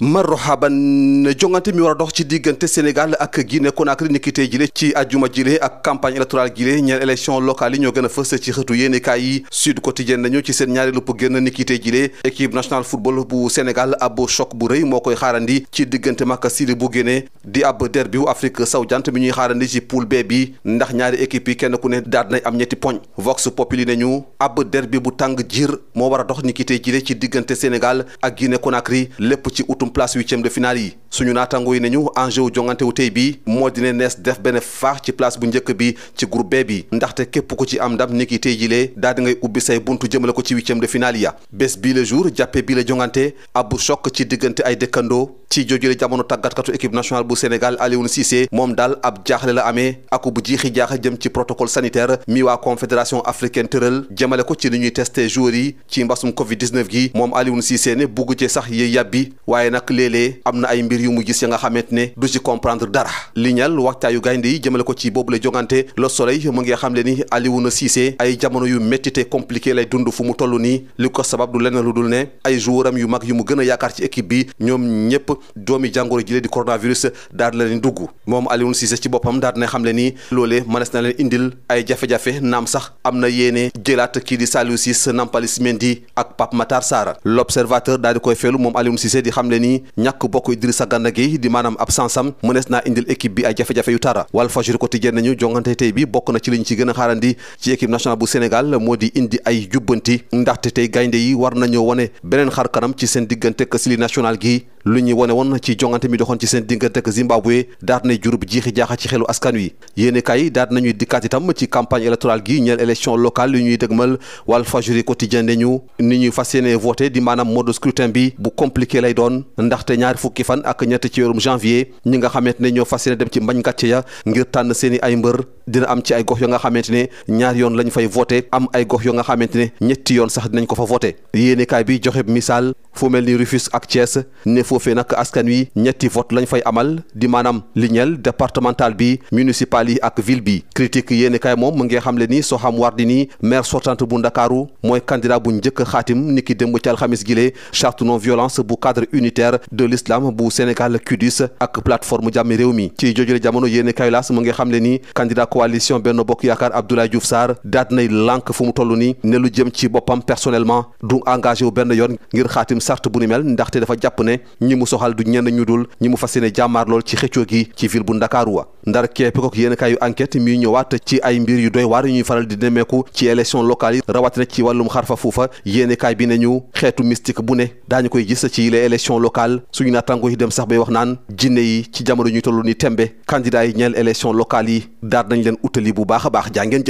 marhaban jongante mi war a dox ci diggante Sénégal ak Guinée Conakry ni ki tey jile ci ajuma jile ak campagne électorale gile ñeel élection locale yi ñoo gën a fës ci xëtu yéenekaay yi Sud Quotidien nañu ci seen ñaari lupp génn ni ki tey jile équipe nationale football bu Sénégal ab choc bu rëy moo koy xaarandi ci diggante mak Syrie bu Guinée di ab derbi wu Afrique sowu-jant mi ñuy xaarandi ci poule B bi ndax ñaari équipe yi kenn ku ne daal nay am ñetti poñ Vox Populi nañu ab derbi bu tàng jir moo war a dox ni ki tey ci diggante Sénégal ak Guinée Conakry lépp ci place huitième de finale suñu naataangoo yi nañu enjeu wu jongante wu tey bi moo dina nees def bene faax ci place bu njëkk bi ci groupe B bi ndaxte képp ku ci am ndam ni ki tey jilee daal ngay ubbi say buntu jëmale ko ci huitième de finale ya bés le jour jàppee bii la jongante abu ci diggante ay dëkkandoo ci joojule jamono tàggatkatu équipe nationale bu Sénégal Alioune Cissé moom daal ab jaaxle la amee aku bu jiixi jaaxa jëm ci protocole sanitaire mi waa confédération africaine tëral jëmale ko ci ni ñuy testé joueurs yi ci mbasum covid 19 gi moom Alioune Cissé ne bugg ci sax yëy yàbbi waaye nag léeg am na ay mbir yu mu gis ya nga xamante ne du ci comprendre dara li ñal waxtaayu gaynde yi jëmale yu métti compliqué lay dund fu mu toll nii li ko sabab du lenn lu dul ne ay joueur yu mag yu mu gën a ci équipe bi ñoom ñëpp doomi jàngoro ji di coronavirus daal la leen dugg moom Aliou Cissé ci boppam daal na xam le ni loolee mënees na leen indil ay jafe-jafe naam sax am na yéene jëlaat kii di Saliou Ciss Nampalys Mendy ak Pape Matar Sarr l'observateur daal tàggan gi di maanaam absence am mënees naa indil équipe bi ay jafe-jafe yu tara Walf Fadjri quotidien nañu jongante tey bi bokk na ci liñ ci gën a xaarandi ci équipe nationale bu Sénégal moo di indi ay jubbanti ndaxte tey gaynde yi war nañoo wane beneen xar kanam ci seen diggante ak sili national gi lu ñu wone woon ci jongante mi doxoon ci seen diggante ak Zimbabwe daat nay jurub jiixi jaaxa ci xelu askan wi yéene kaay daat nañuy dikkaat itam ci campagne électorale gi ñeel élection locale yu ñuy dëgmal Walfadjri quotidien ne ñu ni ñuy fas yéene voté di maanaam mode scrutin bi bu compliqué lay doon ndaxte ñaari fukki fan ak ñett ci weerum janvier ñi nga xamante ne ñoo fas yéene dem ci mbañ gàcce ya ngir tànn seeni ay mbër dina am ci ay gox yo nga xamante ne ñaar yoon lañ fay voté am ay gox yo nga xamante ne ñetti yoon sax dinañ ko fa voté yéene kaay foofee nag askan wi ñetti vote lañ fay amal di maanam li ñeel départemental bi municipal yi ak ville bi critique yéeni kay moom mu ngi xam le ni Soham Wardini maire sortante bu Ndakaaru mooy candidat bu njëkk xaatim ni ki démb ci alxamis gile charte non violence bu cadre unitaire de l'islam bu Sénégal CUDIS ak plateforme jàmmi réew mi ci jojule jamono yéeni kay laas mu ngi xam le ni candidat coalition Benno Bokk Yaakaar Abdoulaye Diouf Sarr daat nay lànk fu mu toll ni ne lu jëm ci boppam personnellement du engagé wu benn yoon ngir xaatim charte bu ni mel ndaxte jàpp ne ñi mu soxal du ñenn ñu dul ñi mu fas yéene jàmmaar lool ci xëccoo gi ci ville bu ndakaaru wa ndar kepp ko yéen kaayu enquête mi ñëwaat ci ay mbir yu doy waar ñuy faral di nemmeeku ci élection locale yi rawatina ci wàllum xarfa fuufa yéen kaay bi nañu xeetu mystique bu ne daa ñu koy gis ci les local locales suñu naataango yi dem sax bay wax naan jinne yi ci jamono ñuy toll ni tembe candidat yi ñeel local yi daar nañ leen utali bu baax a baax jaa ngeen